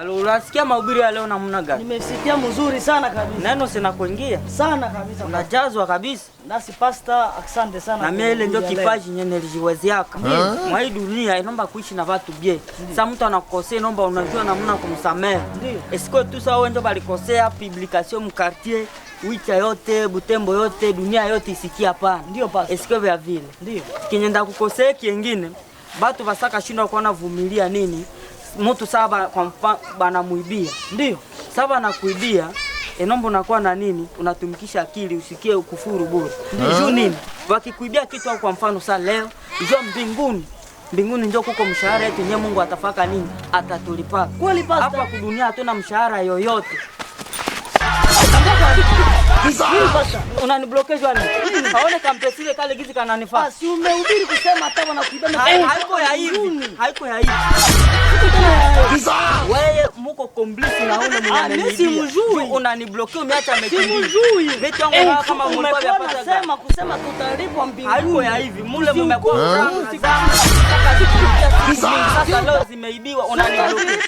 Alo, unasikia mahubiri ya leo namna gani? Nimesikia mzuri sana kabisa. Neno sina kuingia. Sana kabisa. Unajazwa kabisa. Nasi pasta, asante sana. Na mimi ile ndio kipaji nyenye nilijiwezeaka. Mwa hii dunia inaomba kuishi na watu bie. Sasa mtu anakosea, naomba unajua namna kumsamehe. Esiko tu sasa ndio balikosea publication mu quartier, Wicha yote, Butembo yote, dunia yote isikia hapa. Ndio pasta. Esiko vya vile. Ndio. Kinyenda kukosea kingine. Batu basaka shindwa kuona vumilia nini? mtu saba kwa mfano muibia. ndio saba kuibia enombo unakuwa na nini, unatumikisha akili usikie ukufuru bure eh? juu nini, wakikuibia kitu au kwa mfano saa leo jua mbinguni mbinguni ndio kuko mshahara yetu yenyewe. Mungu atafaka nini, atatulipaka hapa kudunia. Hatuna mshahara yoyote Unaniblokeja nini? Aone kampesile kale gizi kananifaa. Basi umehubiri kusema tawa na kuibana. Haiko ya hivi. Haiko ya hivi. Wewe muko komplisi na ule mwanani. Mimi si mjui. Unaniblokea umeacha mekini. Si mjui. Vitu wangu kama mwanani yapata. Sema kusema tutaribwa mbinguni. Haiko ya hivi. Mule mmekuwa sasa leo zimeibiwa unaniblokea.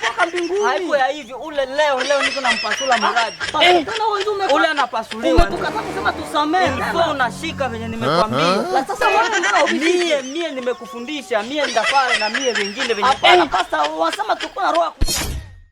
Haiko ya hivi. Ule leo leo niko nampasula mradi. Tena wewe umekuwa napasuliwa. Umekukata kusema tusamee. Ilikuwa unashika venye nimekwambia. Na sasa wewe ndio mie mie nimekufundisha, mie ndafara na mie vingine venye. Hapana, sasa wasema tuko na roho